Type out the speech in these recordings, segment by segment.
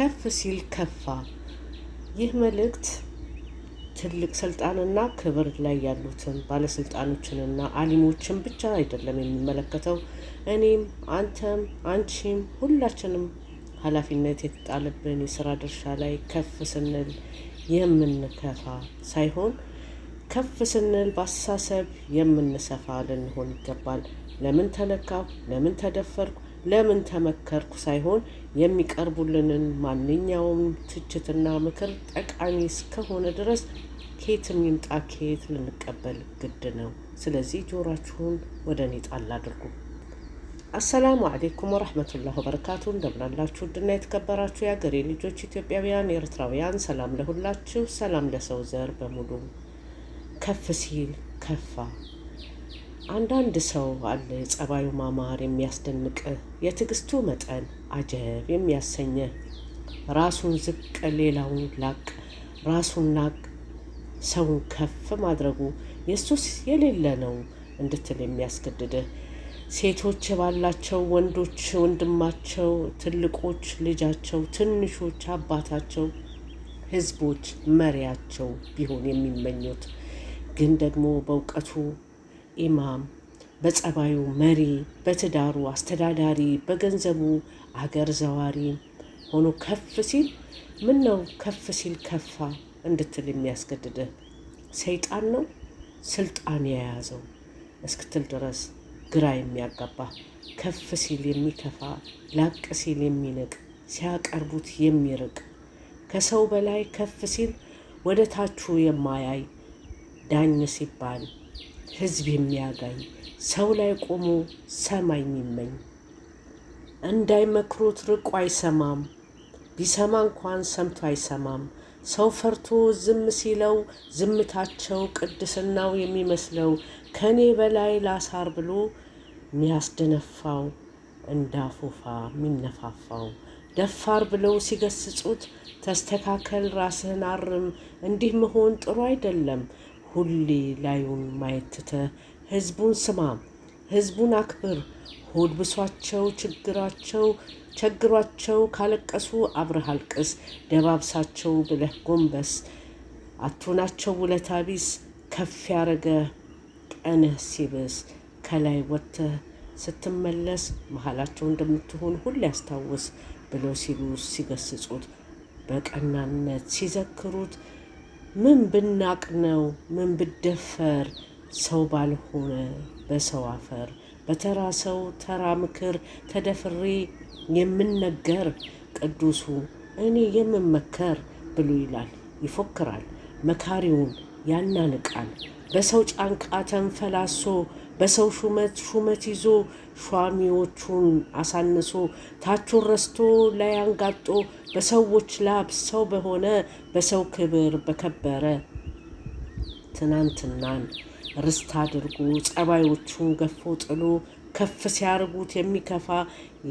ከፍ ሲል ከፋ። ይህ መልእክት ትልቅ ስልጣንና ክብር ላይ ያሉትን ባለስልጣኖችንና አሊሞችን ብቻ አይደለም የሚመለከተው። እኔም፣ አንተም፣ አንቺም ሁላችንም ኃላፊነት የተጣለብን የስራ ድርሻ ላይ ከፍ ስንል የምንከፋ ሳይሆን ከፍ ስንል በአስተሳሰብ የምንሰፋ ልንሆን ይገባል። ለምን ተነካሁ? ለምን ተደፈርኩ? ለምን ተመከርኩ ሳይሆን የሚቀርቡልንን ማንኛውም ትችትና ምክር ጠቃሚ እስከሆነ ድረስ ኬትም ይምጣ ኬት ልንቀበል ግድ ነው። ስለዚህ ጆሯችሁን ወደ እኔ ጣል አድርጉ። አሰላሙ አሌይኩም ወረህመቱላህ ወበረካቱ። እንደምናላችሁ ውድና የተከበራችሁ የአገሬ ልጆች ኢትዮጵያውያን፣ ኤርትራውያን፣ ሰላም ለሁላችሁ፣ ሰላም ለሰው ዘር በሙሉ። ከፍ ሲል ከፋ አንዳንድ ሰው አለ የጸባዩ ማማር የሚያስደንቅ የትዕግስቱ መጠን አጀብ የሚያሰኘ ራሱን ዝቅ ሌላውን ላቅ ራሱን ናቅ ሰውን ከፍ ማድረጉ የሱስ የሌለ ነው እንድትል የሚያስገድድ ሴቶች ባላቸው ወንዶች ወንድማቸው ትልቆች ልጃቸው ትንሾች አባታቸው ህዝቦች መሪያቸው ቢሆን የሚመኙት ግን ደግሞ በእውቀቱ ኢማም፣ በጸባዩ መሪ፣ በትዳሩ አስተዳዳሪ፣ በገንዘቡ አገር ዘዋሪ ሆኖ ከፍ ሲል ምን ነው ከፍ ሲል ከፋ እንድትል የሚያስገድድህ ሰይጣን ነው ስልጣን የያዘው እስክትል ድረስ ግራ የሚያጋባ ከፍ ሲል የሚከፋ ላቅ ሲል የሚንቅ ሲያቀርቡት የሚርቅ ከሰው በላይ ከፍ ሲል ወደ ታቹ የማያይ ዳኝ ሲባል ህዝብ የሚያጋኝ ሰው ላይ ቆሞ ሰማይ የሚመኝ እንዳይመክሩት ርቆ አይሰማም፣ ቢሰማ እንኳን ሰምቶ አይሰማም። ሰው ፈርቶ ዝም ሲለው ዝምታቸው ቅድስናው የሚመስለው ከኔ በላይ ላሳር ብሎ የሚያስደነፋው እንዳፎፋ የሚነፋፋው ደፋር ብለው ሲገስጹት ተስተካከል፣ ራስህን አርም፣ እንዲህ መሆን ጥሩ አይደለም ሁሌ ላዩን ማየት ትተህ ህዝቡን ስማ፣ ህዝቡን አክብር። ሆድ ብሷቸው ችግራቸው ቸግሯቸው ካለቀሱ አብረህ አልቅስ፣ ደባብሳቸው ብለህ ጎንበስ። አትሆናቸው ውለታ ቢስ ከፍ ያረገ ቀንህ ሲብስ ከላይ ወጥተህ ስትመለስ መሀላቸው እንደምትሆን ሁሌ ያስታውስ ብለው ሲሉ ሲገስጹት በቀናነት ሲዘክሩት ምን ብናቅ ነው ምን ብደፈር ሰው ባልሆነ በሰው አፈር በተራ ሰው ተራ ምክር ተደፍሬ የምነገር ቅዱሱ እኔ የምመከር ብሎ ይላል ይፎክራል መካሪውን ያናንቃል በሰው ጫንቃ ተንፈላሶ በሰው ሹመት ሹመት ይዞ ሿሚዎቹን አሳንሶ ታቹን ረስቶ ላይ አንጋጦ በሰዎች ላብ ሰው በሆነ በሰው ክብር በከበረ ትናንትናን ርስት አድርጎ ጸባዮቹን ገፎ ጥሎ ከፍ ሲያርጉት የሚከፋ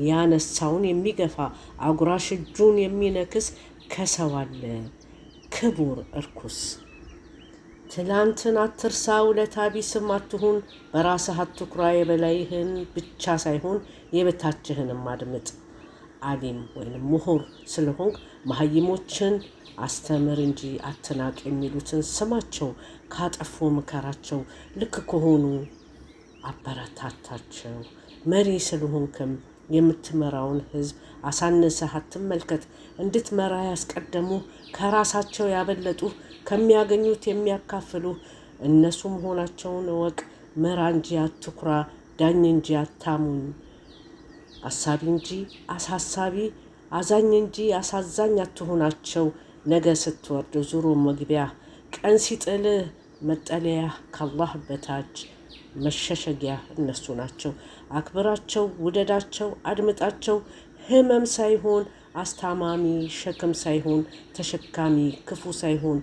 ያነሳውን የሚገፋ አጉራሽ እጁን የሚነክስ ከሰው አለ ክቡር እርኩስ ትላንትን አትርሳ፣ ውለታ ቢስም አትሁን። በራስህ አትኩራ፣ የበላይህን ብቻ ሳይሆን የበታችህንም አድምጥ። አሊም ወይም ምሁር ስለሆንክ መሀይሞችን አስተምር እንጂ አትናቅ የሚሉትን ስማቸው፣ ካጠፎ ምከራቸው፣ ልክ ከሆኑ አበረታታቸው። መሪ ስለሆንክም የምትመራውን ህዝብ አሳንሰህ አትመልከት። እንድትመራ ያስቀደሙ ከራሳቸው ያበለጡ ከሚያገኙት የሚያካፍሉ እነሱ መሆናቸውን እወቅ። ምራ እንጂ አትኩራ፣ ዳኝ እንጂ አታሙኝ፣ አሳቢ እንጂ አሳሳቢ፣ አዛኝ እንጂ አሳዛኝ አትሆናቸው። ነገ ስትወርድ ዙሮ መግቢያ፣ ቀን ሲጥልህ መጠለያ ካላህ በታች መሸሸጊያ እነሱ ናቸው። አክብራቸው፣ ውደዳቸው፣ አድምጣቸው። ህመም ሳይሆን አስታማሚ ሸክም ሳይሆን ተሸካሚ ክፉ ሳይሆን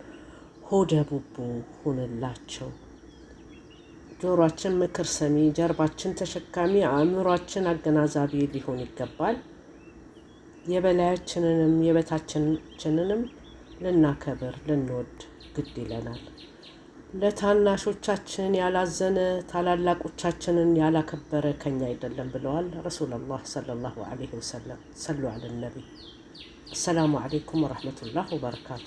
ሆደ ቡቡ ሁንላቸው። ጆሯችን ምክር ሰሚ፣ ጀርባችን ተሸካሚ፣ አእምሯችን አገናዛቢ ሊሆን ይገባል። የበላያችንንም የበታችንንም ልናከብር ልንወድ ግድ ይለናል። ለታናሾቻችን ያላዘነ ታላላቆቻችንን ያላከበረ ከኛ አይደለም ብለዋል ረሱሉላህ ሰለላሁ ዐለይሂ ወሰለም። ሰሉ አለነቢ። ነቢ። አሰላሙ አለይኩም ወረሕመቱላህ ወበረካቱ።